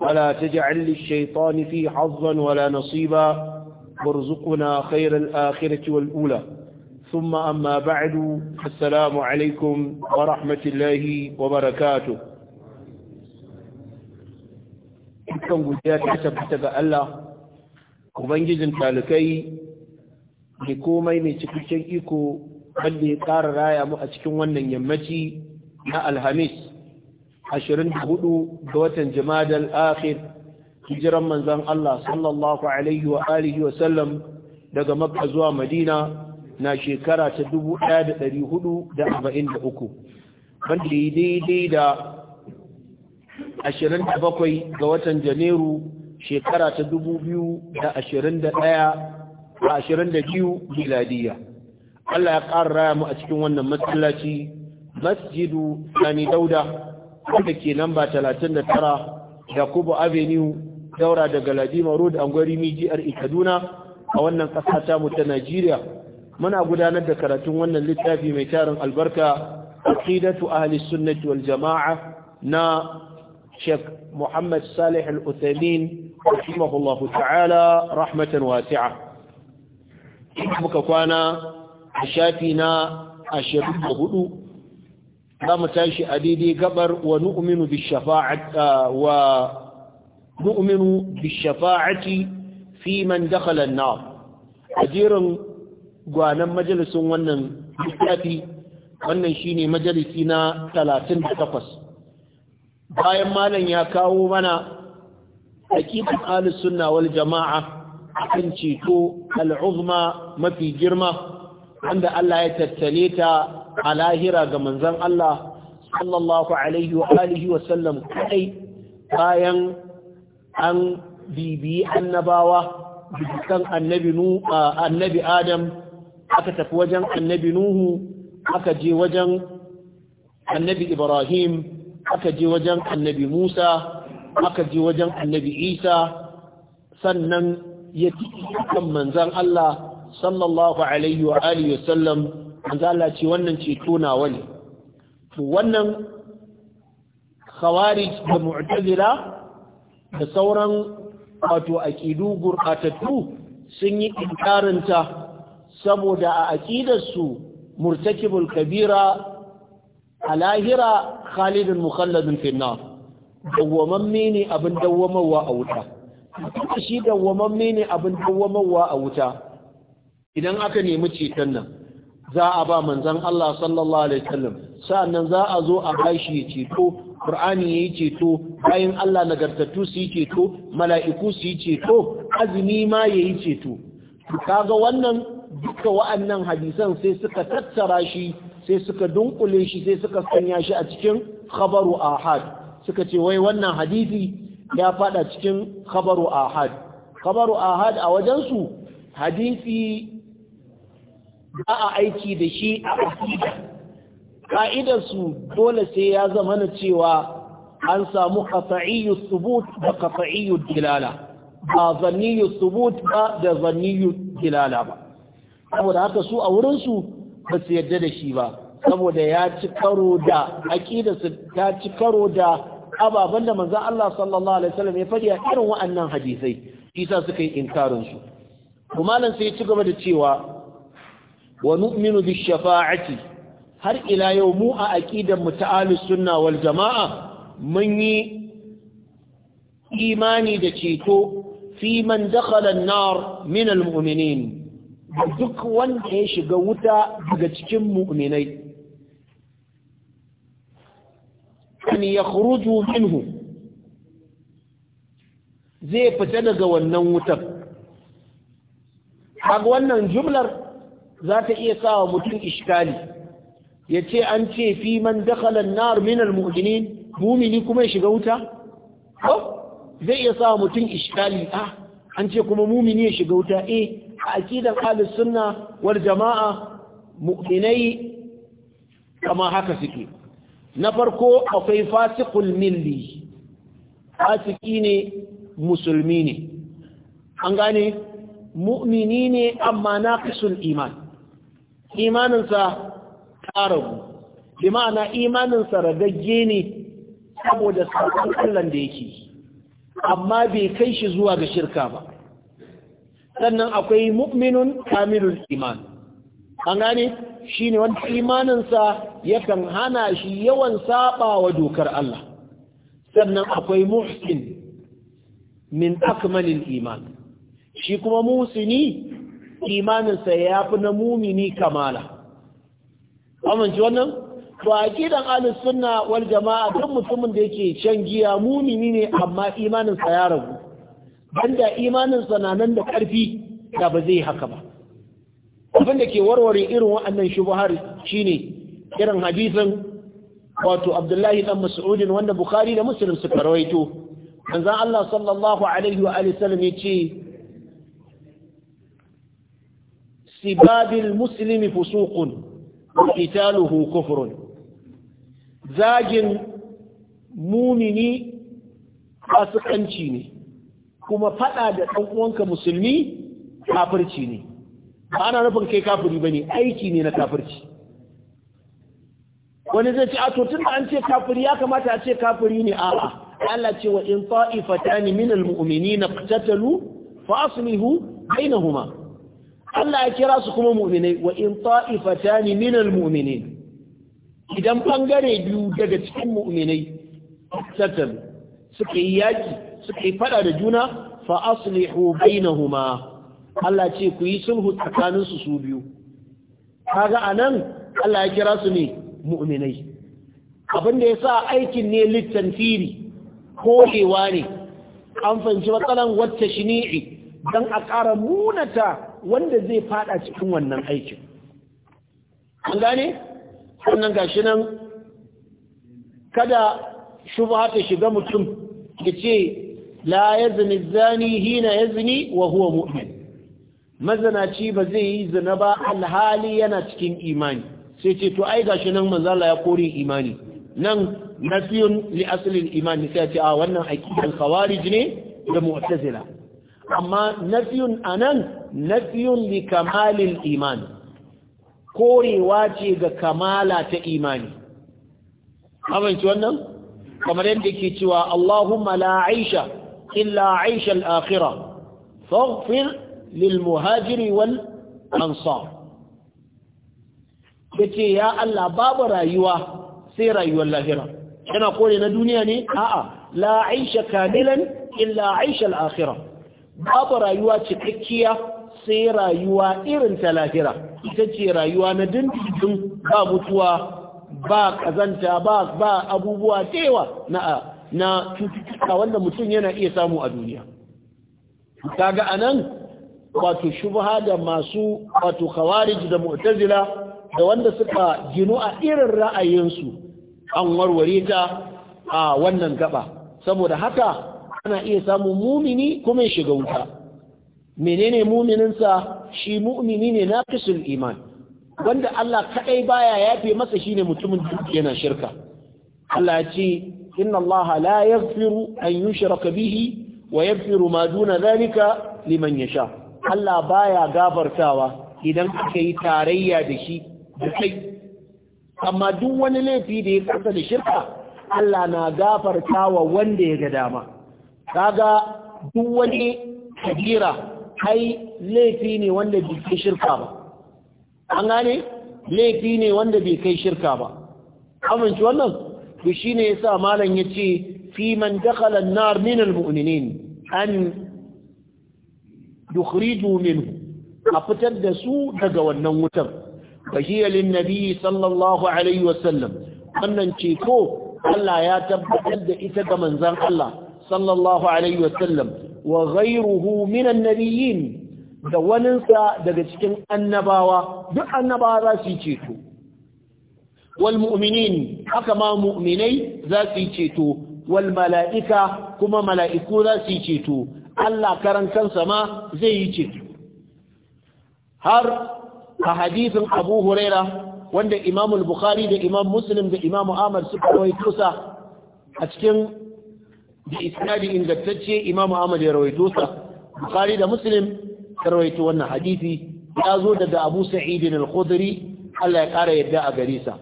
ولا تجعل للشيطان في حظا ولا نصيبا وارزقنا خير الآخرة والأولى ثم أما بعد السلام عليكم ورحمة الله وبركاته kan guda ta tabbata ga Allah ubangijin talikai ne komai mai cikakken iko wanda ya ƙara raya mu a cikin wannan yammaci na alhamis Ashirin da hudu ga watan Jumadal akhir hijiran manzan Allah sallallahu alaihi wa alihi wa sallam daga Makka zuwa Madina na shekara ta uku. wanda daidai da ashirin da bakwai ga watan Janairu shekara ta dubu biyu da da ashirin 2021 a 22 miladiya Allah ya ƙara raya mu a cikin wannan masallaci masjidu Sani Dauda wanda ke namba 39 Yakubu Avenue daura daga Ladima Road Angwari Mijiyar Kaduna a wannan ƙasa ta ta Najeriya muna gudanar da karatun wannan littafi mai tarin albarka aqidatu ahli sunnati wal jama'a na Sheikh Muhammad Salih Al-Uthaymeen rahimahullahu ta'ala rahmatan wasi'a muka kwana a shafi na 24 za mu tashi a daidai gabar wa nu'minu bishafa'ati ah, fi man dakhala an-nar ajirin gwanan majalisin wannan littafi wannan shine majalisi na 38 bayan malam ya kawo mana aqidat ahlus sunna wal jama'a kan ceto al-uzma mafi girma wanda Allah ya tattale ta a lahira ga manzan Allah sallallahu alaihi wa alihi wa sallam kai bayan an bibi annabawa bikin annabi nu annabi Adam aka tafi wajen annabi Nuhu aka je wajen annabi Ibrahim aka je wajen annabi Musa aka je wajen annabi Isa sannan ya ci kan manzan Allah sallallahu alaihi wa alihi wa sallam manzo Allah ce wannan ceto nawa ne to wannan khawarij da mu'tazila da sauran wato aqidu gurbatattu sun yi inkarinta saboda a su murtakibul kabira a lahira khalidun mukhalladun finnar dawwamamme ne abin dawwamawa a wuta shi dawwamamme ne abin dawwamawa a wuta idan aka nemi ceton nan za a ba manzan Allah sallallahu alaihi wasallam sa'annan za a zo a bashi ya ceto Qur'ani yi ceto bayan Allah nagartattu su yi ceto mala'iku su yi ceto azumi ma ya yi ceto kaga wannan duka wa'annan hadisan sai suka tattara shi sai suka dunkule shi sai suka sanya shi a cikin khabaru ahad suka ce wai wannan hadisi ya fada cikin khabaru ahad khabaru ahad a wajensu hadisi ba a aiki da shi a aqida ka'idar su dole sai ya zama na cewa an samu qat'iyyu thubut da qat'iyyu dilala ba zanniyyu thubut ba da yi dilala ba saboda haka su a wurinsu, ba su yarda da shi ba saboda ya ci karo da aqidar su ta ci karo da ababen da manzon Allah sallallahu alaihi wasallam ya faɗi a irin wa'annan hadisai isa suka yi inkarin su to sai ya ci gaba da cewa wa nu'minu bi shafa'ati har ila yau mu a aqidan mu ta sunna wal jama'a mun yi imani da ceto fi man dakhala an-nar min al-mu'minin duk wanda ya shiga wuta daga cikin mu'minai an yakhruju minhu zai fita daga wannan wutar kaga wannan jumlar za ta iya sawa mutum ishkali ya ce an ce fi man dakhala an-nar min al-mu'minin mu'mini kuma ya shiga wuta ko zai iya sa mutum ishkali ah an ce kuma mu'mini ya shiga wuta eh a aqidar ahlus sunna wal jama'a mu'minai kama haka suke na farko akwai fasiqul milli fasiki ne musulmi ne an gane mu'mini ne amma naqisul iman imaninsa ta ragu imaninsa ragagge ne saboda sakon Allah da yake amma bai kai shi zuwa ga shirka ba sannan akwai mu'minun kamilun iman an shi ne wani imaninsa yakan hana shi yawan wa dokar Allah sannan akwai muhsin min akmalin iman shi kuma musini imaninsa ya fi na mumini kamala amince wannan to a kidan ahlus sunna wal jama'a duk mutumin da yake shan giya mumini ne amma imaninsa ya ragu banda imaninsa na nan da ƙarfi, da ba zai haka ba abin da ke warware irin waɗannan shubuhar shine irin hadisin wato Abdullahi dan Masudin, wanda Bukhari da Muslim suka rawaito manzon Allah sallallahu alaihi wa alihi sallam yace سباب المسلم فسوق وقتاله كفر زاجن مؤمني fasikanci ne kuma fada da ɗan uwanka musulmi kafirci ne ba ana nufin kai kafiri ba ne aiki ne na kafirci wani zai ce a to tun an ce kafiri ya kamata a ce kafiri ne a'a Allah ce wa in ta'ifatan min almu'minina qatatalu fa aslihu bainahuma Allah ya kira su kuma mu'minai wa in ta'ifatani minal mu'minin idan bangare biyu daga cikin mu'minai tattalu suka yi yaki suka yi fada da juna fa aslihu bainahuma Allah ce ku yi sulhu tsakanin su su biyu kaga anan Allah ya kira su ne mu'minai abin da yasa aikin ne ko korewa ne an fanci matsalan wacce shini'i dan a ƙara munata wanda zai fada cikin wannan aikin an gane sannan gashi nan kada shubha ta shiga mutum ya ce la yazni zani hina yazni wa huwa mu'min mazanaci ba zai yi zina ba alhali yana cikin imani sai ce to ai gashi nan manzala ya kori imani nan nasiyun li aslil imani sai ce a wannan aqidan khawarij ne da mu'tazila amma nafiyun anan nafiyun li kamalin iman korewa ce ga kamala ta imani amince wannan kamar yadda ke cewa Allahumma la aisha illa aisha al-akhirah faghfir lil muhajiri wal ansar yace ya Allah babu rayuwa sai rayuwar lahira yana kore na duniya ne a'a la aisha kamilan illa aisha al babu rayuwa cikakkiya sai rayuwa irin ta lahira ita ce rayuwa na dindindin ba mutuwa ba kazanta ba ba abubuwa tewa na na cututtuka wanda mutum yana iya samu a duniya kaga anan wato shubha da masu wato khawarij da mu'tazila da wanda suka ginu a irin ra'ayinsu an warware ta a wannan gaba saboda haka ana iya samun mumini kuma ya shiga wuta menene mumininsa shi mu'mini ne na iman wanda Allah kaɗai baya yafe masa shine mutumin duk yana shirka Allah ya ce inna Allah la yaghfiru an yushraka bihi wa yaghfiru ma duna zalika liman yasha Allah baya gafartawa idan aka yi tarayya da shi da kai amma duk wani laifi da ya kasa da shirka Allah na gafartawa wanda ya ga dama kaga duk wani kabira Hai! laifi ne wanda bai kai shirka ba an gane laifi ne wanda bai kai shirka ba amince wannan to shine yasa malam yace fi man dakhala an-nar min al-mu'minin an yukhriju minhu a fitar da su daga wannan wutar bashiya lin-nabi sallallahu alaihi wasallam wannan ce ko? Allah ya tabbatar da ita ga manzon Allah sallallahu alaihi wasallam wa ghayruhu min annabiyyin da waninsa daga cikin annabawa duk annabawa za su yi ceto wal mu'minin haka ma mu'minai za su yi ceto wal mala'ika kuma mala'iku za su yi ceto Allah karan kansa ma zai yi ceto har a hadisin Abu Huraira wanda Imam Bukhari da Imam Muslim da Imam Ahmad suka rawaito sa a cikin da isnadi ingantacce imamu ahmad ya rawaito sa bukhari da muslim ya rawaito wannan hadisi ya zo daga abu sa'id al-khudri Allah ya kara yadda a gare sa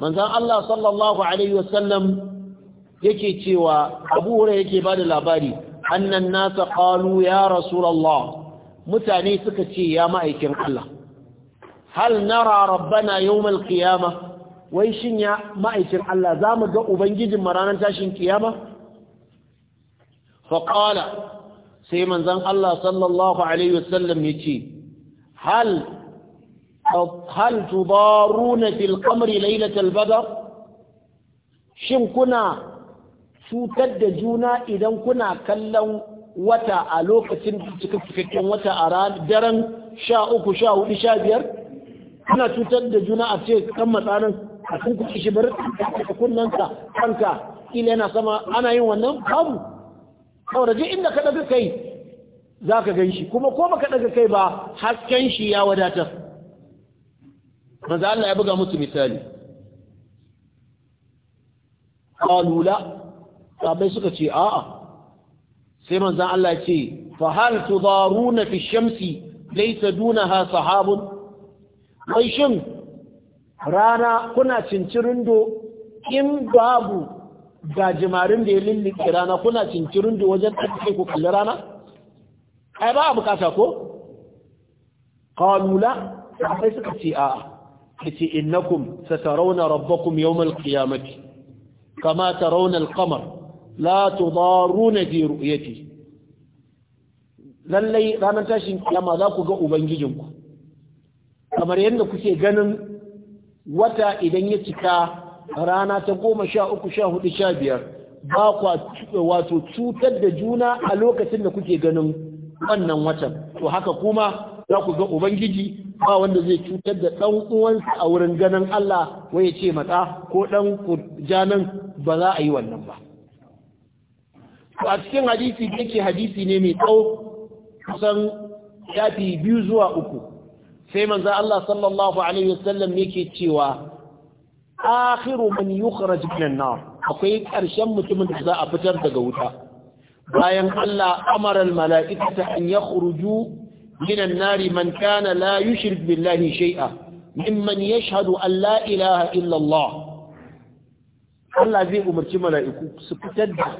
manzon Allah sallallahu alaihi wasallam yake cewa Abu Hurairah yake da labari annan nasa qalu ya rasulullah mutane suka ce ya ma'aikin Allah hal nara rabbana yawmal qiyamah wai shin ya ma'aikin Allah Za mu ga ubangijin ranar tashin kiyama faƙala sai manzan Allah sallallahu Alaihi wasallam ya ce hal tubaruna fil kamri lailatul badar shin kuna cutar da juna idan kuna kallon wata a lokacin cikakken wata a daren sha uku sha hudu sha biyar kuna cutar da juna a ce kan matsanin a kun kuɗi shi bari a kunnanka kanka ila yana sama ana yin wannan babu saboda duk inda ka daga kai za ka gan shi kuma ko baka daga kai ba hasken shi ya wadatar manzo Allah ya buga musu misali qalu la sabai suka ce a'a sai manzan Allah ya ce fa hal tudaruna fi shamsi laysa dunaha sahabun wai shin rana kuna cincirindo in babu Ga gajimarin da ya lullike rana kuna cincirin da wajen ɗarfe ku kalli rana? ai ba a bukata ko? kawalula sai suka ce a a ce innakum sa tarauna rabbakum yawmal qiyamati kama tarauna al-qamar la jeru fi ce, lallai ranar tashin kiyama za ku ga ubangijinku kamar yadda kuke ganin wata idan ya cika rana ta goma sha uku sha hudu sha biyar ba kwa wato cutar da juna a lokacin da kuke ganin wannan watan to haka kuma za ku ga ubangiji ba wanda zai cutar da ɗan uwansa a wurin ganin Allah wai ce mata? ko ɗan janan ba za a yi wannan ba To a cikin hadisi yake hadisi ne mai tsawo kusan shafi biyu zuwa uku sai manzo Allah sallallahu alaihi wasallam yake cewa akhiru man yukhraj nar akwai karshen mutumin da za a fitar daga wuta bayan Allah amara ta an yakhruju minan nar man kana la yushrik billahi shay'a mimman yashhadu an la ilaha illa Allah Allah zai umarci mala'iku su fitar da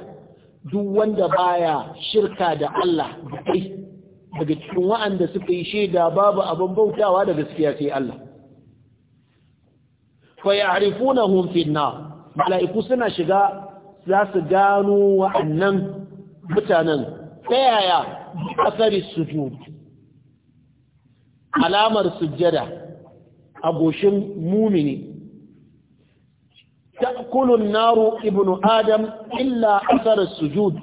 duk wanda baya shirka da Allah da kai daga cikin wa'anda suka yi shaida babu abin bautawa da gaskiya sai Allah fa ya'rifunahum fi an mala'iku suna shiga za su gano wa'annan mutanen ta yaya asari sujud alamar sujjada a goshin mumini ta'kulun naru ibnu adam illa asarar sujud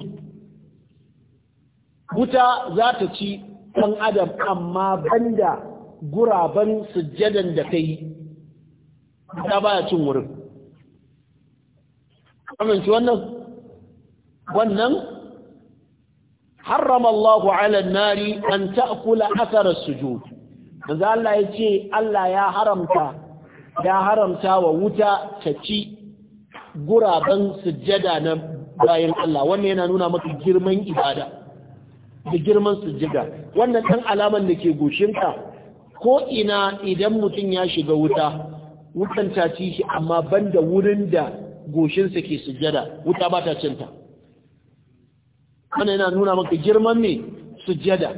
wuta za ta ci ɗan adam amma banda guraben sujjadan da ta yi ta baya cin wurin amince wannan wannan harrama Allahu ala nari an ta'kula athara sujud manzo Allah ce Allah ya haramta ya haramta wa wuta ta ci guraben sujjada na bayan Allah wannan yana nuna maka girman ibada da girman sujjada wannan dan alaman da ke goshinka ko ina idan mutum ya shiga wuta wutan ta ci shi amma banda wurin da goshinsa ke sujjada wuta ba ta cinta wannan yana nuna maka girman ne sujjada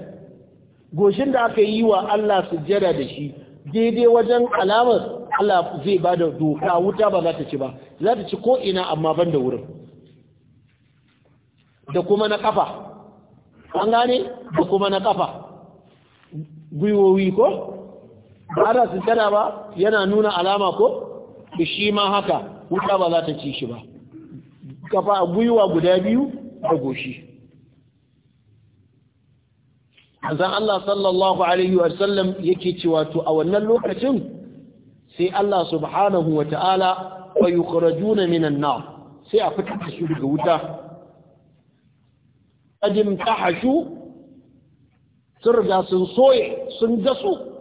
goshin da aka yi wa Allah sujjada da shi daidai wajen alamar Allah zai ba da doka wuta ba za ta ci ba za ta ci ko'ina ina amma banda wurin da kuma na kafa an gane da kuma na kafa gwiwowi ko ba su sujjada ba yana nuna alama ko shi ma haka wuta ba za ta ci shi ba kafa gwiwa guda biyu da goshi azan Allah sallallahu alaihi wa sallam yake cewa to a wannan lokacin sai Allah subhanahu wa ta'ala wa yukhrajuna minan nar sai a fitar da shi daga wuta ajim tahashu sun riga sun soye sun dasu.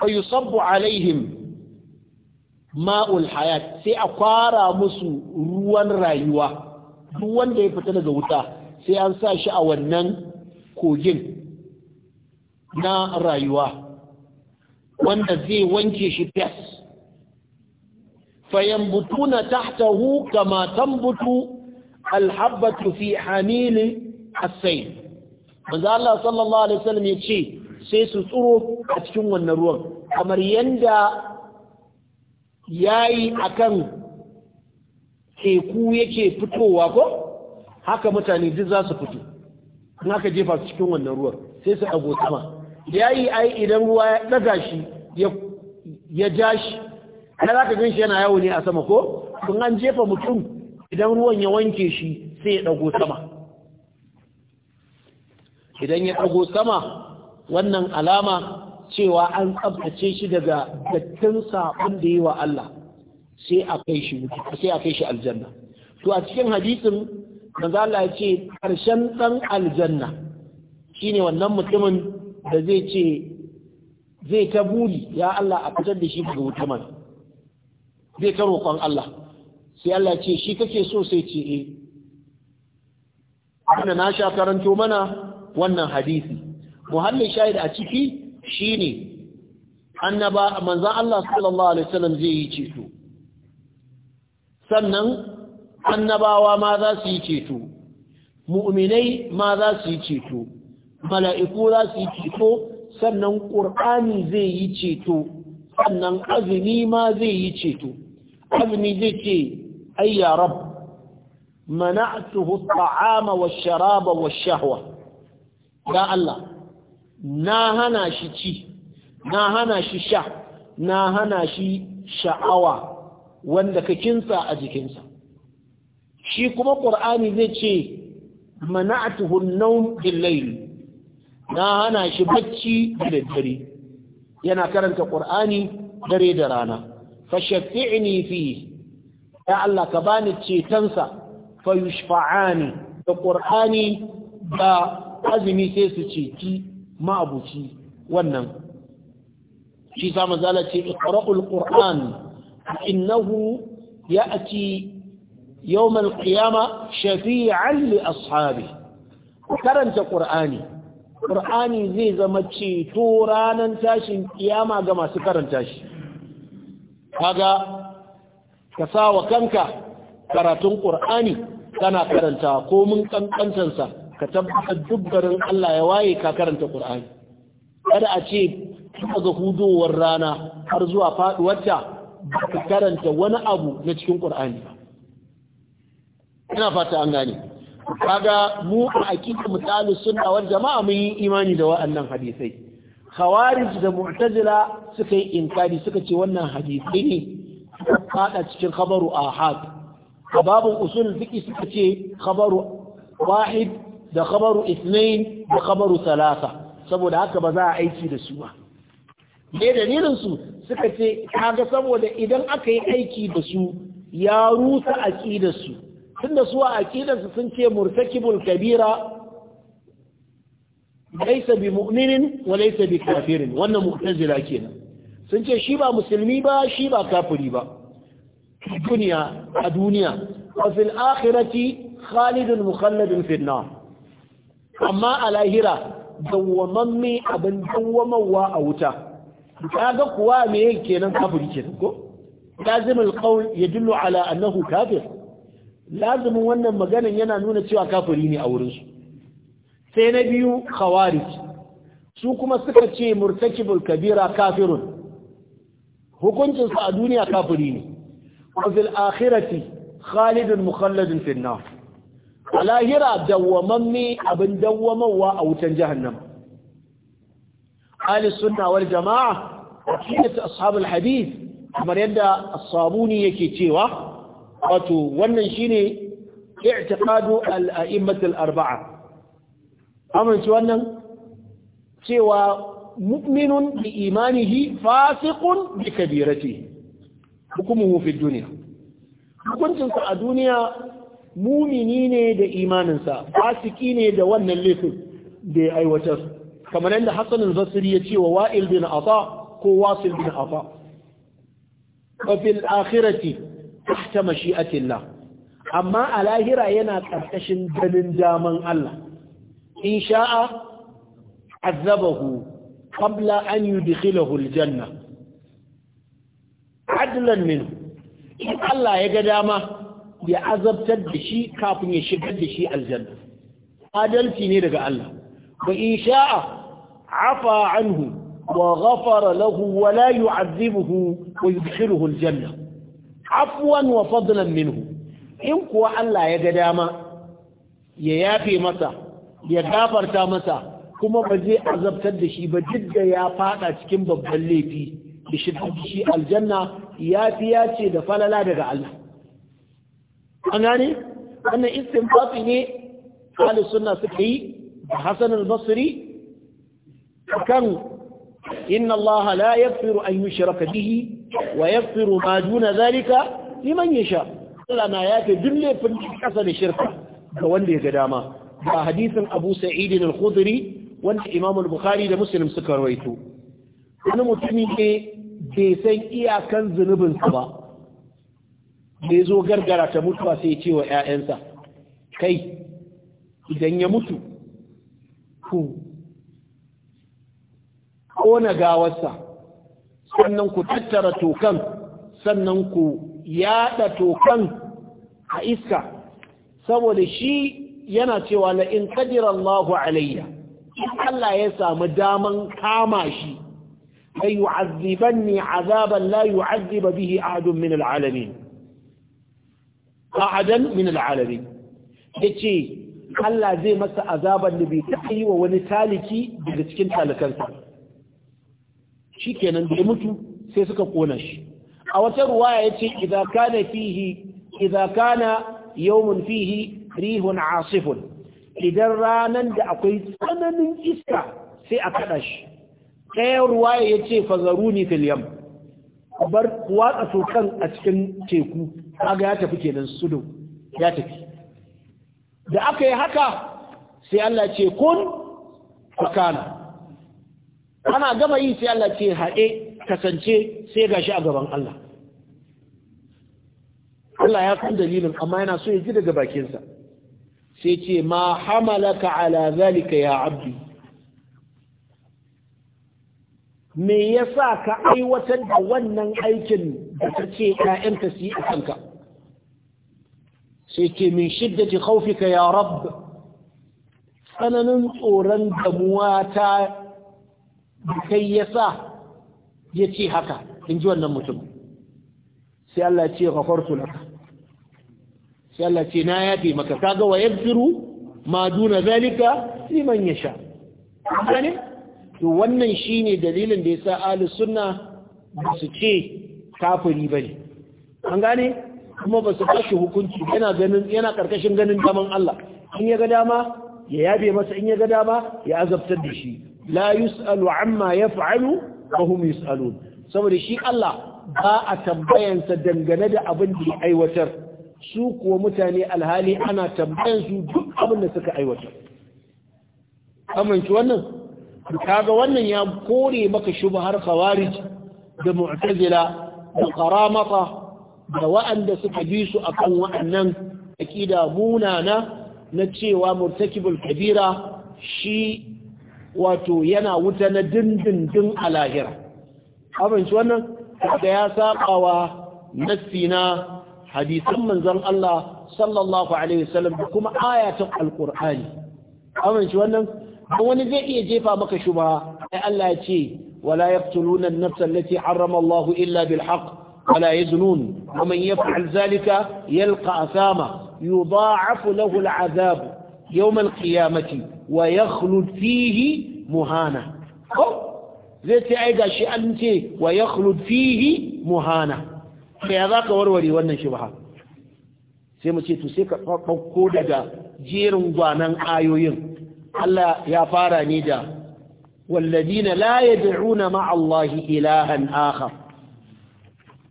fa alaihim ma'ul hayat sai a kwara musu ruwan rayuwa duk wanda ya fita daga wuta sai an sa shi a wannan kogin na rayuwa wanda zai wanke shi fes فينبتون تحته كما تنبت الحبة في حميل السيل manzo Allah sallallahu alaihi wasallam ce. sai su tsuro a cikin wannan ruwan kamar yadda ya yi a kan teku yake fitowa ko haka mutane duk za su fito in haka jefa su cikin wannan ruwan sai su dago sama Ya yayi ai idan ruwa ya ɗaga shi ya ja shi Na za ka ganshi yana yawo ne a sama ko kun an jefa mutum idan ruwan ya wanke shi sai ya dago sama idan ya dago sama wannan alama cewa an tsabtace shi daga dattin saɓon da yi wa Allah sai a kai shi aljanna to a cikin hadisin manzo Allah ya ce karshen dan aljanna shine wannan mutumin da zai ce zai ta buri ya Allah a fitar da shi daga wuta zai ta roƙon Allah sai Allah ce shi kake so sai ce eh na sha karanto mana wannan hadisi muhallin shahid a ciki shine annaba manzon Allah sallallahu alaihi wasallam zai yi ceto sannan annabawa ma za su yi ceto mu'minai ma za su yi ceto mala'iku za su yi ceto sannan ƙur'ani zai yi ceto sannan azumi ma zai yi ceto azumi zai ce ayya rab mana'tuhu at'ama wash-sharaba wash-shahwa ya Allah na hana shi ci na hana shi sha na hana shi sha'awa wanda ka kinsa a jikinsa shi kuma ƙur'ani zai ce mana'atuhu an-nawm na hana shi bacci da dare yana karanta ƙur'ani dare da rana ni fi ya Allah ka bani cetonsa fayushfa'ani da ƙur'ani ba azumi sai su ceci ma'abuci wannan shi sa mazala ce iqra'ul qur'an innahu ya'ti yawm al-qiyama shafi'an li ashabi karanta qur'ani qur'ani zai zama ceto ranan tashin ƙiyama ga masu karanta shi kaga ka sa wa kanka karatun qur'ani kana karanta ko mun kankantansa ka tabbatar duk garin Allah ya waye ka karanta Qur'ani kada a ce daga hudowar rana har zuwa faduwarta ka karanta wani abu na cikin Qur'ani ina fata an gane kaga mu a aqiqa mutalus sunna wal jama'a mun yi imani da wa'annan hadisai khawarij da mu'tazila suka yi inkari suka ce wannan hadisai ne fada cikin khabaru ahad babu usul fiqi suka ce khabaru wahid da khabaru ithnain da khabaru thalatha saboda haka ba za a aiki da su ba me dalilin su suka ce kaga saboda idan aka yi aiki da su ya rusa aqidar su tunda su a aqidar su sun ce murtakibul kabira laysa bi mu'minin wa laysa bi kafirin wannan mu'tazila kenan sun ce shi ba musulmi ba shi ba kafiri ba duniya a duniya wa fil akhirati khalidun mukhalladun finna. nar amma a lahira dawwamamme abin dawwamawa a wuta kaga kuwa me yake kenan kafiri kenan ko lazim alqaul yadullu ala annahu kafir lazimin wannan maganan yana nuna cewa kafiri ne a wurin su sai na biyu khawarij su kuma suka ce murtakibul kabira kafirun hukuncin sa a duniya kafiri ne wa fil akhirati khalidun mukhalladun fil nar a lahira dawwamamme abin dawwamawa a wutan jahannama ahli sunna wal jama'a aqidatu ashabul hadith kamar yadda as-sabuni yake cewa wato wannan shine i'tiqadu al-a'immat al-arba'a amince wannan cewa mu'minun bi imanihi fasiqun bi kabiratihi hukumuhu fi dunya hukuncinsa a duniya mumini ne da imaninsa fasiki ne da wannan laifin da ya aiwatar kamar yadda hassanin zasiri ya ce wa wa'il bin afa ko wasil bin afa kafin akhirati tahta mashi'atillah amma a lahira yana ƙarƙashin ganin daman Allah in sha'a azabahu qabla an yudkhilahu aljanna adlan min Allah ya ga dama ya azabtar da shi kafin ya shigar da shi aljanna adalci ne daga Allah Ba in sha'a afa anhu wa ghafara lahu wa la yu'adhibuhu wa yudkhiluhu aljanna afwan wa fadlan minhu in kuwa Allah ya ga dama ya yafe masa ya gafarta masa kuma ba zai azabtar da shi ba duk da ya fada cikin babban laifi da shi aljanna ya ce da falala daga Allah an gane wannan istinbati ne ahli sunna suka yi da Hassan al-Basri kan inna Allah la yaghfiru an yushraka bihi wa yaghfiru ma duna zalika liman yasha Allah na yafe duk laifin kasa da shirka ga wanda ya ga dama ba hadisin Abu Sa'id al-Khudri wanda Imam al-Bukhari da Muslim suka rawaito wani mutumi ne bai san iyakan zunubinsa ba da ya zo gargara ta mutuwa sai ya ce wa 'ya'yansa kai idan ya mutu ku ƙona gawarsa sannan ku tattara tokan sannan ku yaɗa tokan a iska saboda shi yana cewa la in qadira alayya Allah ya samu daman kama shi ay yu'azzibanni azaban la yu'azziba bihi ahadun min al'alamin ahadan min Ya yace Allah zai masa azaban da bai taɓa yi wa wani taliki daga cikin talikansa shi kenan da mutu sai suka kona shi a wata ruwaya ya ce idan fihi idan kana fihi rihun asifun idan ranar da akwai tsananin iska sai a kaɗa shi ɗaya ruwaya ya ce fazaruni fil ku bar watsa sokan a cikin teku kaga ya tafi kenan sudu ya tafi da aka yi haka sai Allah ce kun fakana ana gama yi sai Allah ce haɗe kasance sai gashi a gaban Allah Allah ya san dalilin amma yana so ya ji daga bakinsa sai ce ma hamalaka ala zalika ya abdi me ya sa ka aiwatar da wannan aikin da ta ce ‘ya'yanta su yi a kanka sai ke min shidda kaufi ka ya rab tsananin tsoron damuwa ta kai ya sa ya ce haka in ji wannan mutum sai Allah ce ghafartu laka sai Allah ce na yafe maka kaga wa yaghfiru ma duna zalika liman yasha to wannan shine dalilin da ya sa Ali sunna ba su ce ba ne. an gane kuma ba su kashi hukunci yana ganin karkashin ganin daman Allah in ya ga dama ya yabe masa in ya ga dama ya azabtar da shi la yus'alu amma yaf'alu wa hum yus'alun saboda shi Allah ba a tambayansa dangane da abin da ya aiwatar su kuwa mutane alhali ana tambayan su duk abin da suka aiwatar amince wannan kaga wannan ya kore maka shubhar khawarij da mu'tazila da karamata da wa'anda suka bi su akan wa'annan aqida munana na cewa murtakibul kabira shi wato yana wuta na dindindin a lahira abinci wannan da ya sabawa nassi na hadisan manzon Allah sallallahu alaihi wasallam da kuma ayatul alqur'ani abinci wannan don wani zai iya jefa maka shuba ai Allah ya ce wala yaqtuluna an-nafsa allati harrama Allah illa bil haqq ولا يزنون ومن يفعل ذلك يلقى أثاما يضاعف له العذاب يوم القيامة ويخلد فيه مهانة زيت أيضا شيء أنت ويخلد فيه مهانة في ذاك وروري وانا شبها sai mu to sai ka ɗauko daga jerin gwanan ayoyin Allah ya fara ni da walladina la yad'una ma'a Allah ilahan akhar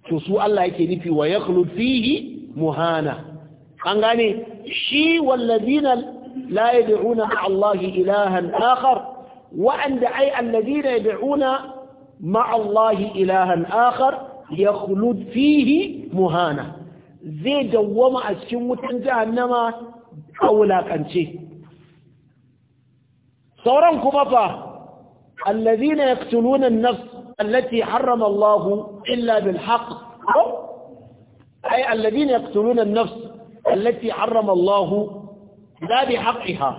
to su Allah yake nufi wa yakhlud fihi muhana an gane shi walladina la yad'una ma'a Allah ilahan akhar wa'anda ay alladina yad'una ma'a ilahan akhar yakhlud fihi muhana zai dawwama a cikin wutan jahannama a wulakance sauran kuma fa allazina yaqtuluna an-nafs allati harrama Allah illa bil haqq ay allazina yaqtuluna an-nafs allati harrama Allah la bi haqqiha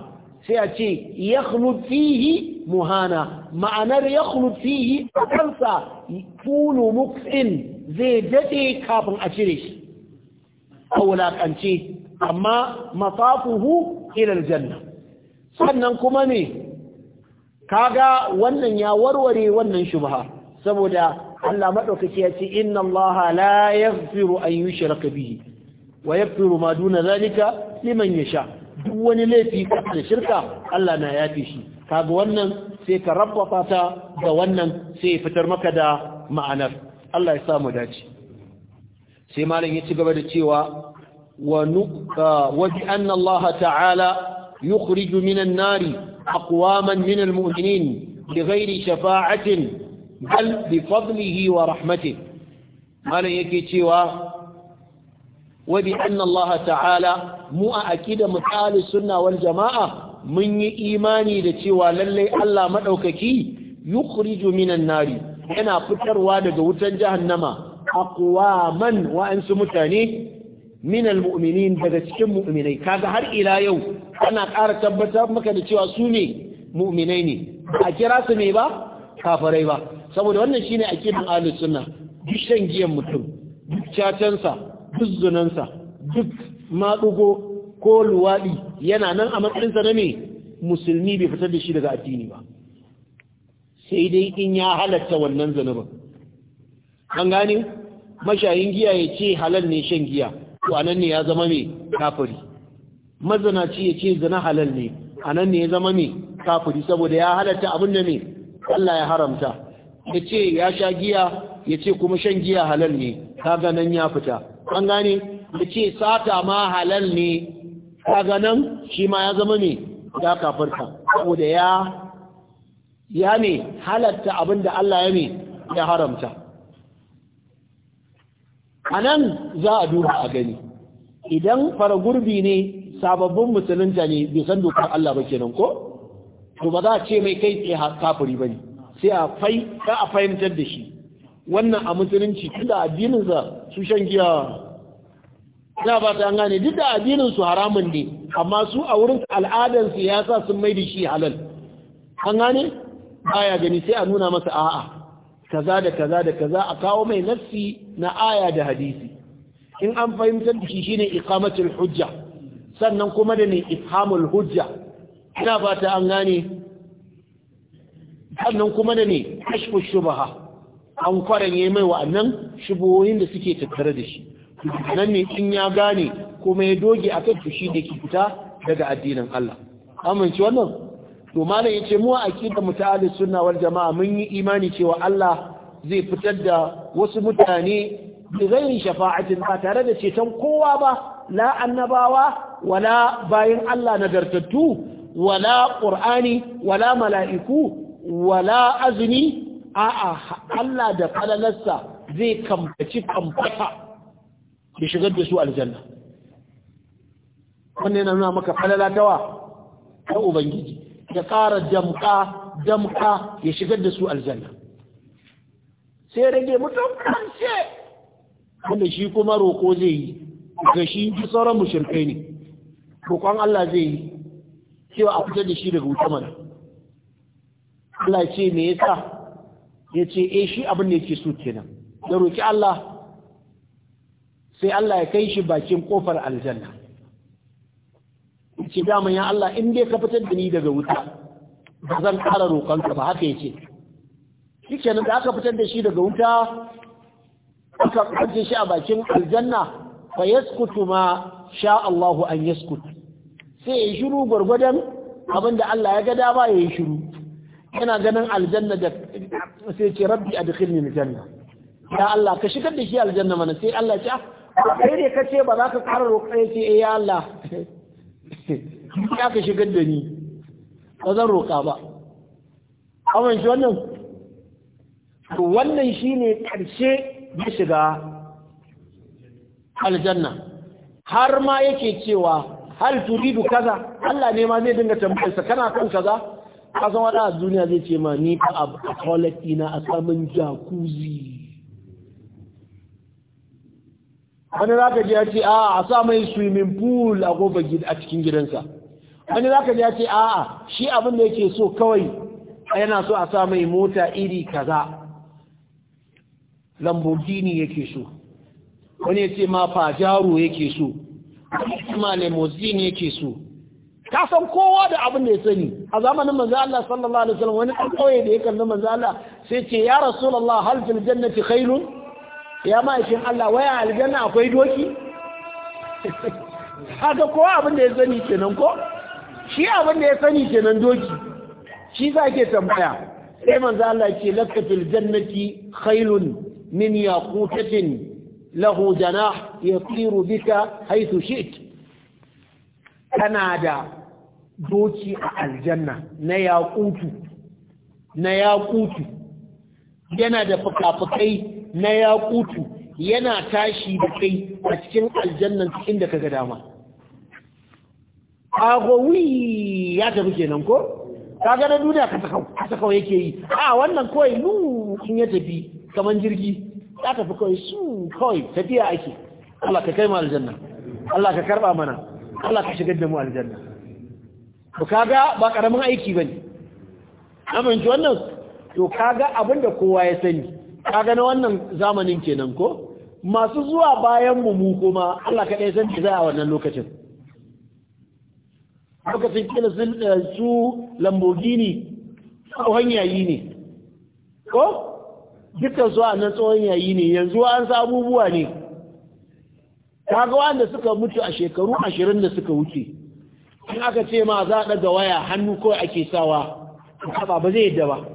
sai a ce yakhlud fihi muhana ma'anar yakhlud fihi kansa kunu muksin zai dade kafin a cire shi a wulakance amma mafafuhu ilal janna sannan kuma ne kaga wannan ya warware wannan shubha saboda Allah madaukaki ya ce inna Allah la yaghfiru an yushraka bihi wa yaghfiru ma duna zalika liman yasha duk wani laifi da shirka Allah na yafe shi kaga wannan sai ka rabbafa ta da wannan sai ya fitar maka da ma'anar Allah ya samu dace sai malam ya ci gaba da cewa wa nuqa ah, wa bi anna Allah ta'ala yukhriju minan nari أقواما من المؤمنين بغير شفاعة بل بفضله ورحمته قال يكي تشيوا وبأن الله تعالى مؤكد مثال السنة والجماعة من إيماني لتشيوا للي ألا مدعوككي يخرج من النار أنا فتر وادد وتنجه النما أقواما وأنس متاني min almu'minin daga cikin mu'minai kaga har ila yau ana ƙara tabbatar maka da cewa su ne mu'minai ne a kira su ne ba kafarai ba saboda wannan shine aqidan ahlus sunna duk shan giyan mutum duk cacansa duk zunansa duk madugo ko luwadi yana nan a sa na mai musulmi bai fitar da shi daga addini ba sai dai in ya halatta wannan zanubin an gane mashayin giya ya ce halal ne shan giya to anan ne ya zama mai kafiri mazanaci ya ce zina halal ne anan ne ya zama mai kafiri saboda ya halatta abin da ne Allah ya haramta ya ce ya sha giya ya ce kuma shan giya halal ne kaga nan ya fita an gane ya ce sata ma halal ne kaga nan shi ma ya zama mai, ya kafarta saboda ya ya ne halatta abin da Allah ya mai ya haramta a nan za a duba a gani idan fara gurbi ne sababbin musulunta ne bai san dokar Allah ba kenan ko to ba za a ce mai kai tsaye kafiri ba ne sai a fai ka a fahimtar da shi wannan a musulunci duk da addininsa su shan giya ina ba ta gane duk da addinin su haramun ne amma su a wurin al'adar su ya sa sun mai da shi halal an gane baya gani sai a nuna masa a'a kaza da kaza da kaza a kawo mai nassi na aya da hadisi in an fahimtar da shi shine iqamatul hujja sannan kuma da ne ifhamul hujja ina fata an gane sannan kuma da ne kashfu shubaha an kwaranye mai wa'annan shubuhoyin da suke tattare da shi nan ne in ya gane kuma ya doge akan to shi da ke fita daga addinin Allah amince wannan to malam ce mu a aqida muta'allis sunna wal jama'a mun yi imani cewa Allah zai fitar da wasu mutane zai yi shafa'atin ba tare da ceton kowa ba la annabawa wala bayin Allah nagartattu wala qur'ani wala mala'iku wala azumi a'a Allah da falalarsa zai kamfaci kamfata da shigar da su aljanna wannan yana nuna maka falala tawa ta ubangiji ya ƙara damƙa damƙa ya shigar da su aljanna sai rage mutum ƙarshe wanda shi kuma roƙo zai yi ga shi ji sauran mushirkai ne roƙon Allah zai yi cewa a fitar da shi daga wuta mana Allah ce me yasa ya ce eh shi abin da yake so kenan da roƙi Allah sai Allah ya kai shi bakin ƙofar aljanna yace dama ya Allah in dai ka fitar da ni daga wuta ba zan ƙara roƙonka ba haka ya yace shikenan da aka fitar da shi daga wuta aka kaje shi a bakin aljanna fa yaskutu ma sha Allahu an yaskutu sai ya shiru gwargwadon abinda Allah ya ga dama ya yi shiru yana ganin aljanna da sai ce rabbi adkhilni aljanna ya Allah ka shigar da shi aljanna mana sai Allah ya ce ah, kai ne kace ba za ka ƙara roƙa yace eh ya Allah ya ka shigar da ni ba zan roƙa ba amin shi wannan wannan shi ne ƙarshe ya shiga aljanna har ma yake cewa hal turidu kaza Allah ne ma zai dinga tambayarsa kana kan kaza kasan wani a duniya zai ce ma ni a toilet ina a samun jacuzzi wani za ka ji ya ce a a sa mai swimming pool a gofa a cikin gidansa wani za ka ji ya ce a a shi abin da yake so kawai yana so a sa mai mota iri kaza lamborghini yake so wani ya ce ma fajaro yake so wani ma limousine yake so ka san kowa da abin da ya sani a zamanin manzo Allah sallallahu alaihi wasallam wani kawai da ya kalli manzo Allah sai ce ya rasulullah hal fil jannati khairun ya ma'aikin Allah waya aljanna akwai doki haka kowa abin da ya sani kenan ko shi abin da ya sani kenan doki shi zake tambaya sai manzo Allah ce lakatul jannati khailun min yaqutatin lahu janah yatiru bika haythu shi't kana da doki a aljanna na yaqutu na yaqutu yana da fukafukai na yaƙutu yana tashi da kai a cikin aljannan inda kaga dama agowi ya tafi kenan ko Ka gada duniya kasa kawai yake yi a wannan kawai nu ya tafi Kamar jirgi ya tafi kawai su kawai tafiya ake Allah ka kai mu aljanna Allah ka karba mana Allah ka shigar da mu aljanna to kaga ba karamin aiki bane amince wannan to kaga abinda kowa ya sani kaga na wannan zamanin kenan ko masu zuwa bayan mu mu kuma Allah kaɗai san ki zai a wannan lokacin lokacin kila sun eh, su lambogini tsohon yayi ne ko dukkan su a nan tsohon yayi ne yanzu an sa abubuwa ne kaga wanda suka mutu a shekaru ashirin da suka wuce in aka ce ma za a ɗaga waya hannu kawai ake sawa ba ba zai yadda ba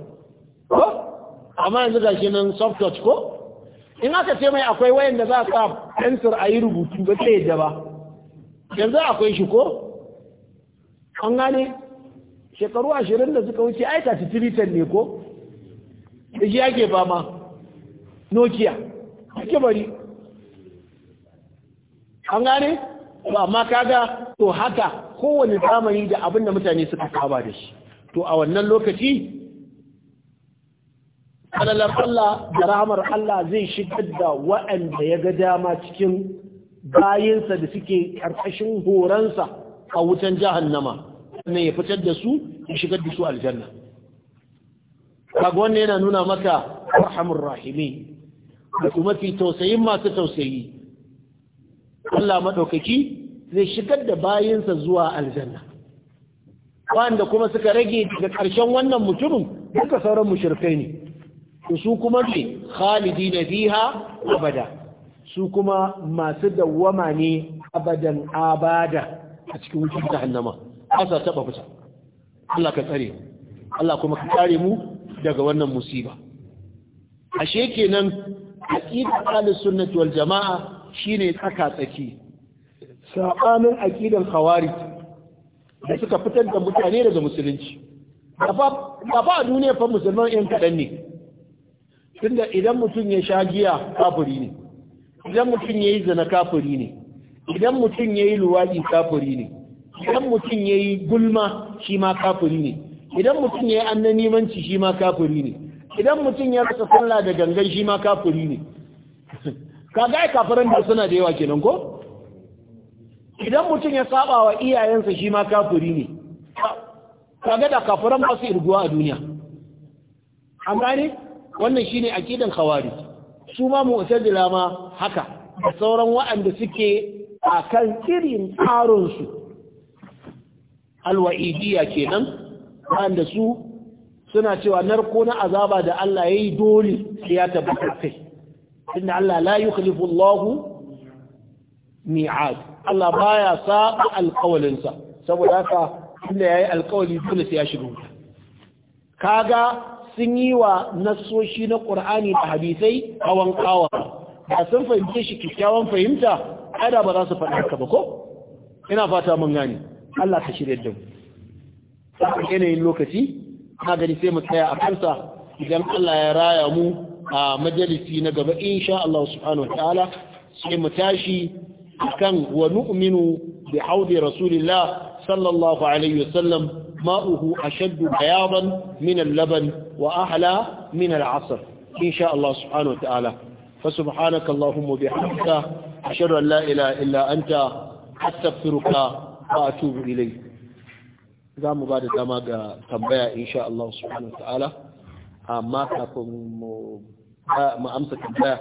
amma yanzu ga shi nan soft touch ko in aka ce mai akwai wayan da za ka fensir a yi rubutu ba sai yadda ba yanzu akwai shi ko an gane shekaru ashirin da suka wuce aika ta twitter ne ko da shi ake fama nokia ake bari an gane ba amma kaga to haka kowane zamani da abin da mutane suka kaba da shi to a wannan lokaci falalar Allah da rahamar Allah zai shigar da wa'anda ya ga dama cikin bayinsa da suke ƙarƙashin horonsa a wutan jahannama sannan ya fitar da su ya shigar da su aljanna kaga wannan yana nuna maka rahamur rahimi da kuma fi tausayin masu tausayi Allah maɗaukaki zai shigar da bayinsa zuwa aljanna wanda kuma suka rage daga ƙarshen wannan mutumin duka sauran mushrikai ne to su kuma ne khalidina fiha abada su kuma masu dawwama ne abadan abada a cikin wucin jahannama asa taba fita Allah ka tsare Allah kuma ka kare mu daga wannan musiba ashe kenan aqidar ahlus sunnah wal jamaa shine tsaka tsaki sabanin aqidan khawarij da suka fitar da mutane daga musulunci da duniya fa musulman yan kadan ne tunda idan mutum ya sha giya kafuri ne idan mutum ya yi zina kafuri ne idan mutum ya yi luwaɗi kafuri ne idan mutum ya yi gulma shi ma kafuri ne idan mutum ya yi annanimanci shi ma kafuri ne idan mutum ya rasa sallah da gangan shi ma kafuri ne ka ga kafiran da suna da yawa kenan ko idan mutum ya saba wa iyayensa shi ma kafuri ne Ka ga da kafiran ba su irguwa a duniya an gane wannan shine aqidan khawarij su ma da ma haka da sauran waɗanda suke a akan irin tsarin su alwa'idiyya kenan wa'anda su suna cewa narko na azaba da Allah yayi dole sai ya tabbata kai inna Allah la yukhlifu Allahu mi'ad Allah baya saa alƙawalinsa saboda haka inda yayi alƙawali dole sai ya shiga Ka kaga sun yi wa nassoshi na ƙur'ani da hadisai hawan kawa da sun fahimce shi kyakkyawan fahimta ada ba za su faɗi haka ba ko ina fata mun gani Allah ka shirya da mu yanayin lokaci na gani sai mu tsaya a kansa idan Allah ya raya mu a majalisi na gaba insha Allah subhanahu wataala sai mu tashi kan wa nu'minu bi haudi rasulillah sallallahu alaihi wasallam ma'uhu ashaddu bayadan min al-laban wa ahla min al-'asr insha Allah subhanahu wa ta'ala fa subhanaka allahumma bihamdika ashhadu an la ilaha illa anta astaghfiruka wa atubu ilayk ba da dama ga tambaya insha Allah subhanahu wa ta'ala amma kafin mu mu amsa tambaya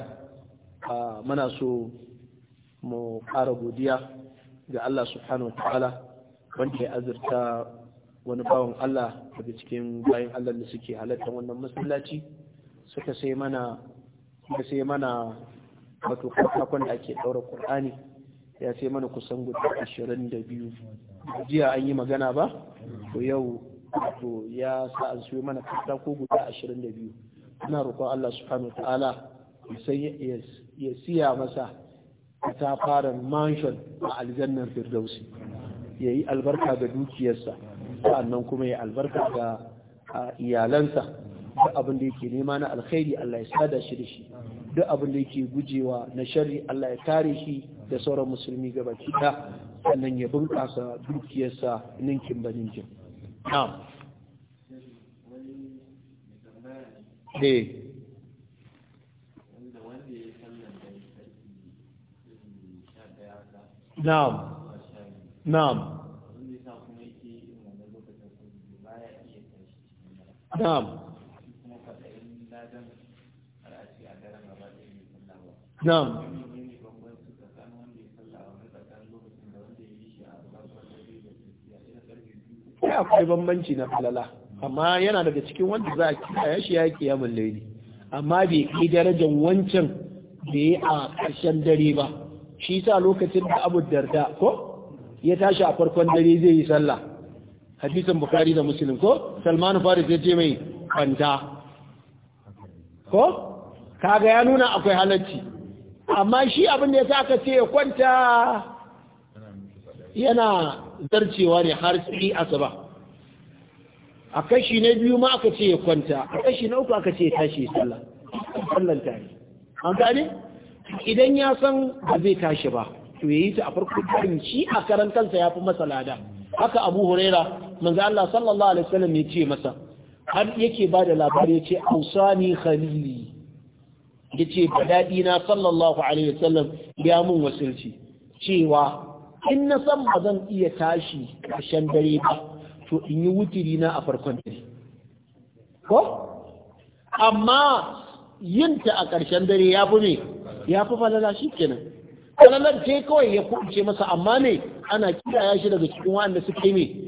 muna so mu ƙara godiya ga Allah subhanahu wa ta'ala wanda ya azurta wani bawan Allah daga cikin bayan Allah da suke halatta wannan masallaci suka sai mana suka sai mana wato da ake daura Qur'ani ya sai mana kusan guda 22 jiya an yi magana ba to yau to ya sa an siyo mana katako guda 22 ina roƙon Allah subhanahu ta'ala sai ya siya masa ta fara mansion a aljannar firdausi ya yi albarka ga dukiyarsa sa'annan kuma ya albarka ga iyalansa duk abin da yake nema na alkhairi Allah ya sada shi da shi duk abin da yake gujewa na sharri Allah ya kare shi da sauran musulmi gaba kita sannan ya bunƙasa dukiyarsa ninkin banin jin na'am eh na'am na'am na'am na'am akwai bambanci na falala amma yana daga cikin wanda za a kiyaye shi ya kiyamun laili amma bai kai darajar wancan da ya a ƙarshen dare ba shi sa lokacin da abu darda ko ya tashi a farkon dare zai yi sallah Hadisan bukari da musulun ko salman faris ya ce mai kwanta ko kaga ya nuna akwai halarci amma shi abin da ya sa ce ya kwanta yana zarcewa ne har sai asaba. a kashi na biyu ma aka ce ya kwanta a kashi na uku aka ce ya tashi sallah sallan tare an gane idan ya san ba zai tashi ba to yayi ta a farko karin shi a karan kansa fi masa lada haka abu huraira manzo Allah sallallahu alaihi wasallam ya ce masa har yake ba da labari ya ce ausani khalili ya ce daɗi na sallallahu alaihi wasallam ya mun wasilci cewa in na san ba zan iya tashi karshen dare ba to in yi wutiri na a farkon dare ko amma yin ta a ƙarshen dare ya fi ne ya fi falala shi kenan falalar ce kawai ya kuɓuce masa amma ne ana kira shi daga cikin wanda suka mai.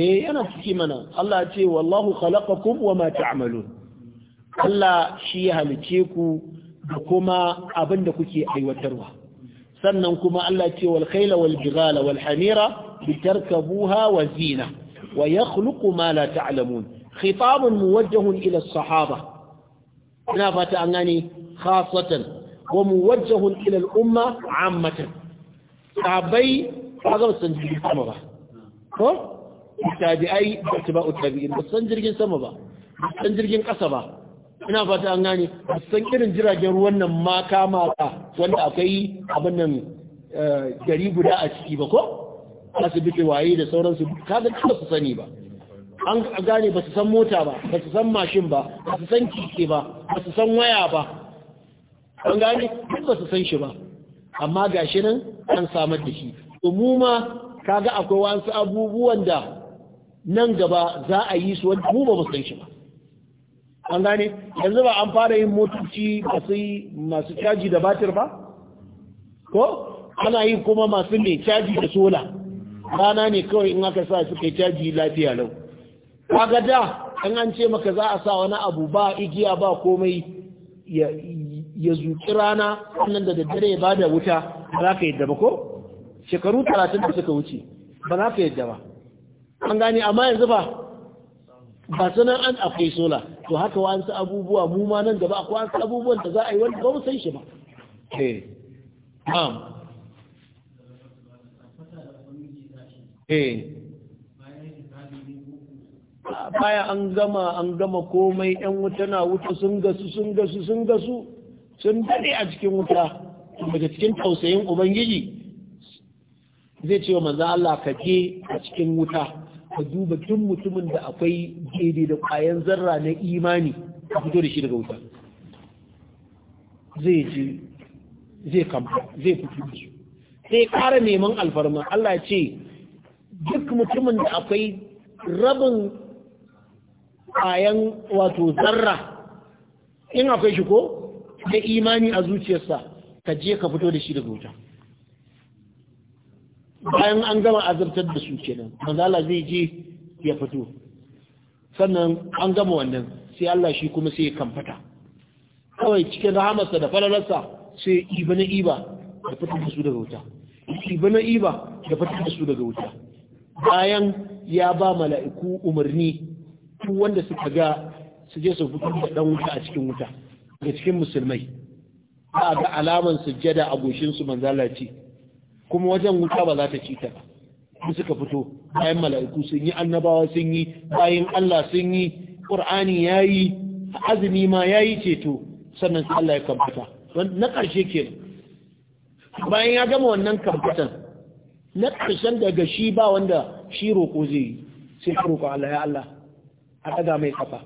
e yana ciki mana Allah ce wallahu khalaqakum wama ta'malun Allah shi ya halice ku da kuma abin da kuke aiwatarwa sannan kuma Allah ce wal khayla wal bighala wal hamira litarkabuha wa zina wa yakhluqu ma la ta'lamun khitabun muwajjahun ila as-sahaba ina fata an gane khasatan wa muwajjahun ila al-umma ammatan sahabbai ba ga sun ji kuma ba ko tabi'ai da tabi'u tabi'in ba san jirgin sama ba ba san jirgin ƙasa ba ina fata an gane ba san irin jiragen ruwan nan maka maka wanda akwai abin nan gari guda a ciki ba ko asibiti waye da sauransu ga ba su sani ba an gane ba su san mota ba ba su san mashin ba ba su san kike ba ba su san waya ba an gane duk ba su san shi ba amma gashi nan an samar da shi to mu ma kaga akwai wasu abubuwan da nan gaba za a yi su wani mu ba mu san shi ba an gane yanzu ba an fara yin motoci masu caji da batir ba ko ana yi kuma masu mai caji da sola rana ne kawai in aka sa su kai caji lafiya lau kaga da an an ce maka za a sa wani abu ba igiya ba komai ya zuki rana sannan da daddare ya bada wuta ba za ka yadda ba ko shekaru talatin da suka wuce ba za ka yadda ba an gane amma yanzu ba ba sunan an akwai sola to haka wa an sa abubuwa mu ma nan gaba akwai an sa abubuwan da za a yi wani ba mu san shi ba eh am eh baya an gama an gama komai yan wuta na wuta sun gasu sun gasu sun gasu sun dare a cikin wuta daga cikin tausayin ubangiji zai ce wa manzo Allah ka je a cikin wuta ka duba duk mutumin da akwai daidai da ƙwayan zarra na imani ka fito da shi daga wuta zai je zai kamfa zai fito da shi sai ƙara neman alfarma Allah ce duk mutumin da akwai rabin ƙwayan wato zarra in akwai shi ko da imani a zuciyarsa ka je ka fito da shi daga wuta bayan an gama azabtar da su kenan manzala zai je ya fito sannan an gama wannan sai Allah shi kuma sai ya kamfata kawai cikin rahamarsa da falalarsa sai iba na iba da fitar da su daga wuta iba na iba da fitar da su daga wuta bayan ya ba mala'iku umarni duk wanda suka ga su je su fitar da dan wuta a cikin wuta ga cikin musulmai ba ga alaman sujjada a goshin su manzala ce kuma wajen wuta ba za ta ci ta ba suka fito bayan mala'iku sun yi annabawa sun yi bayan Allah sun yi qur'ani yayi azumi ma yi ceto sannan Allah ya kamfuta. na ƙarshe ke bayan ya gama wannan kamfutan, na ƙarshen daga shi ba wanda shi roƙo zai yi sai ka roƙo Allah ya Allah a ɗaga mai kafa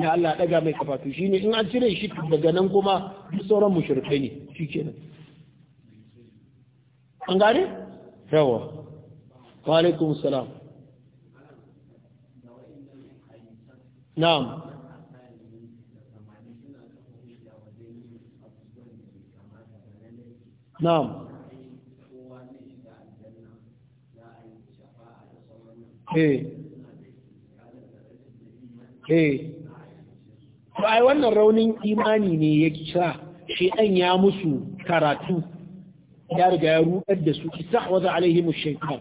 ya Allah a ɗaga mai kafa to shine in an cire shi daga nan kuma duk sauran mushrikai ne shikenan an gane? yawa walaikun salam na'am na'am eh eh ai wannan raunin imani ne ya cewa shi ya musu karatu ya riga ya rudar da su istahwaza alaihim ash-shaytan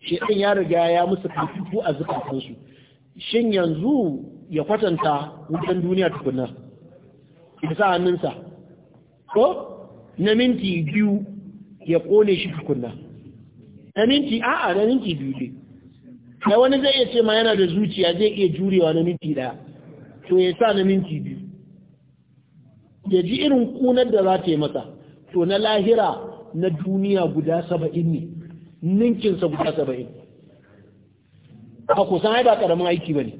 shaytan ya riga ya musu kafutu a zakatan su shin yanzu ya kwatanta wutan duniya tukunna ya sa hannunsa ko na minti biyu ya kone shi tukunna na minti a'a na minti biyu ne sai wani zai iya ce ma yana da zuciya zai iya jurewa na minti ɗaya to ya sa na minti biyu ya ji irin kunar da za ta yi masa to na lahira na duniya guda saba'in ne ninkinsa guda saba'in a kusan ba ƙaramin aiki ba ne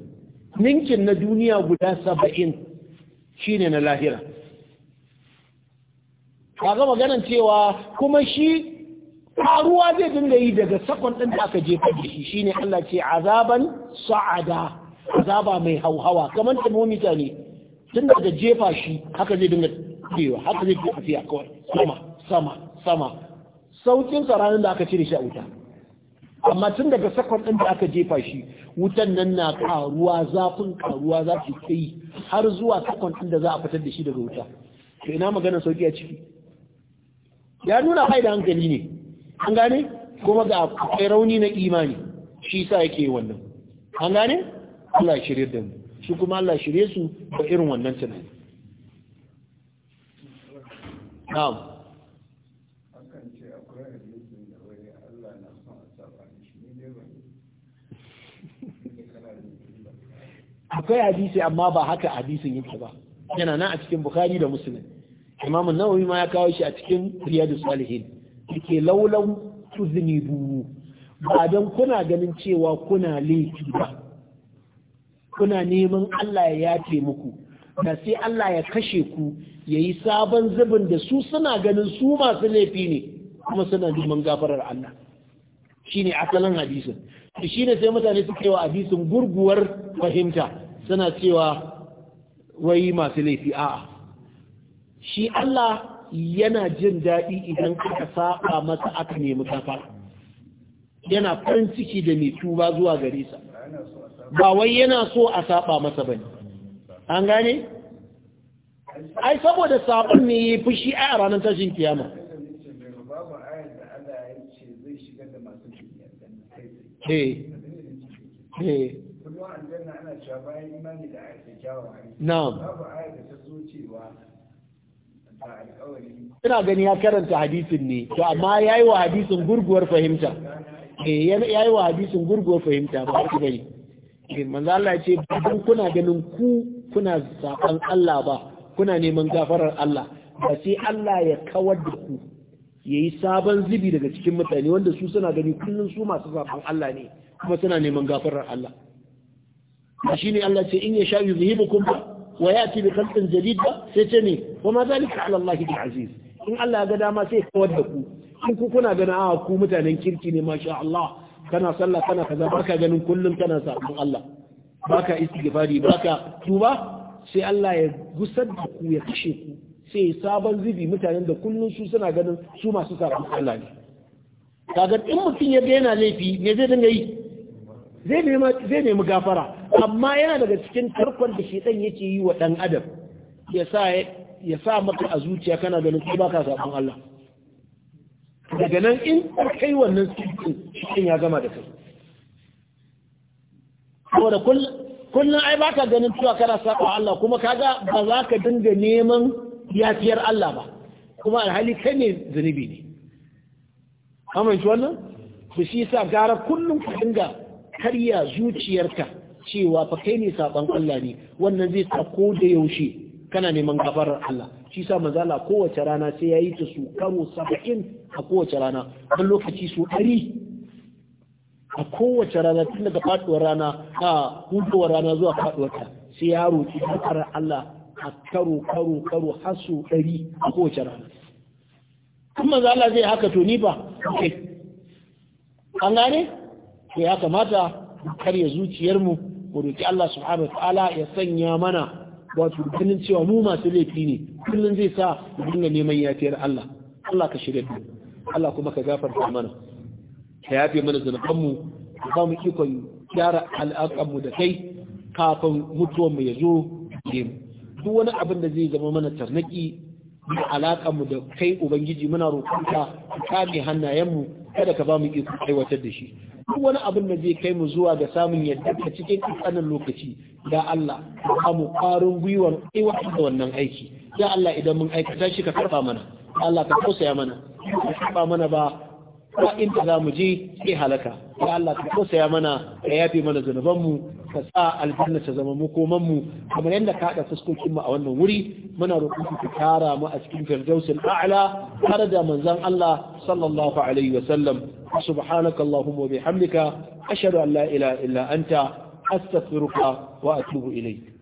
ninkin na duniya guda saba'in shi ne na lahira ga maganan cewa kuma shi faruwa zai dinga yi daga sakon ɗin da aka jefa da shi shi ne. Allah ce azaban sa'ada azaba mai hauhawa kamar thermometer ne tun da jefa shi haka zai dinga cewa haka zai tafiya kawai sama sama sama saukin sa da aka cire shi a wuta amma tun daga sakon ɗin da aka jefa shi wutan nan na karuwa zafin karuwa za ta yi har zuwa sakon ɗin da za a fitar da shi daga wuta to ina magana sauki a ciki ya nuna fa'ida hankali ne an gane kuma ga akwai rauni na imani shi sa yake wannan an gane Allah shirye da mu shi kuma Allah shirye su ga irin wannan tunani na'am akwai hadisi amma ba haka hadisin yake ba yana nan a cikin bukhari da muslim imam nawawi ma ya kawo shi a cikin riyadus salihin yake laulau tuznibu ba dan kuna ganin cewa kuna laifi ba kuna neman Allah ya yafe muku da sai Allah ya kashe ku yayi sabon zubin da su suna ganin su masu laifi ne kuma suna neman gafarar Allah shine asalin hadisin shine sai mutane suke wa hadisin gurguwar fahimta suna cewa wai masu laifi a'a shi Allah yana jin daɗi idan aka saba masa aka nemi kafa yana farin ciki da mai tuba zuwa gare sa ba wai yana so a saba masa ba ne. an gane ai saboda sabon ne ya fushi a ranar tashin kiyama Hey. Eh. Eh. Hey. yana cewa bayan imani ina gani ya karanta hadisin ne to amma yayi wa hadisin gurguwar fahimta eh yayi wa hadisin gurguwar fahimta ba ku bane eh manzo Allah ya ce kuna ganin ku kuna zaban Allah ba kuna neman gafarar Allah ba sai Allah ya kawar da ku yayi sabon zubi daga cikin mutane wanda su suna gani kullun su masu zaban Allah ne kuma suna neman gafarar Allah ba shine Allah ce in ya sha yuzhibukum ba wa yati bi khalqin jadid ba sai jarida? ne wa ma zalika ala Allah bi aziz in Allah ga dama sai kawar da ku in ku kuna ganin a ah, ku mutanen kirki ne masha Allah kana sallah kana kaza baka ganin kullum kana sabon Allah baka istighfari baka tuba sai Allah ya gusar da ku ya kashe ku sai sabon zubi mutanen da kullum su suna ganin su masu sabon Allah ne kaga in mutum ya laifi me zai dinga yi zai nemi gafara amma yana daga cikin tarkon da shedan yake yi wa dan adam ya sa maka a zuciya kana ganin ko baka sabon Allah daga nan in kai wannan sirrin shi ya gama da kai saboda kullum ai baka ganin cewa kana sabon Allah kuma kaga ba za ka dinga neman yafiyar Allah ba kuma alhali kai ne zunubi ne amince wannan to shi yasa gara kullum ku dinga karya zuciyarka cewa fa kai ne sabon Allah ne wannan zai sako ko da yaushe kana neman gafarar Allah shi sa manzala kowace rana sai yayi ta su karo 70 a kowace rana wani lokaci su 100 a kowace rana tun daga faduwar rana a hudowar rana zuwa faduwar ta sai ya roki gafarar Allah a karo karo karo har su 100 a kowace rana kuma manzala zai haka to ni ba an gane to ya kamata karya zuciyarmu mu roki Allah subhanahu ta'ala ya sanya mana wato kullun cewa mu masu laifi ne kullun zai sa mu dinga neman yafiyar Allah Allah ka shirya mu Allah kuma ka gafarta mana ka yafe mana zanaban mu ka ba mu ikon gyara al'akan mu da kai kafin mutuwar mu ya zo mu duk wani abin da zai zama mana tarnaki da alaka mu da kai ubangiji muna roƙonka ka kame mu kada ka ba mu iko aiwatar da shi duk wani abin da zai kai mu zuwa ga samun yadda a cikin ƙanƙanin lokaci da Allah ka mu ƙwarin gwiwar aiwatar da wannan aiki ya Allah idan mun aikata shi ka karɓa mana Allah ka tausaya mana ka karɓa mana ba ba inda za mu je sai halaka ya Allah ka tausaya mana ka yafe mana zunubanmu ka sa aljanna ta zama makoman mu kamar yadda ka haɗa fuskokin mu a wannan wuri muna roƙon ku tara mu a cikin firdausul a'la har da manzon Allah sallallahu alaihi wa sallam subhanaka allahumma wa bihamdika ashhadu an la ilaha illa anta astaghfiruka wa atubu ilayk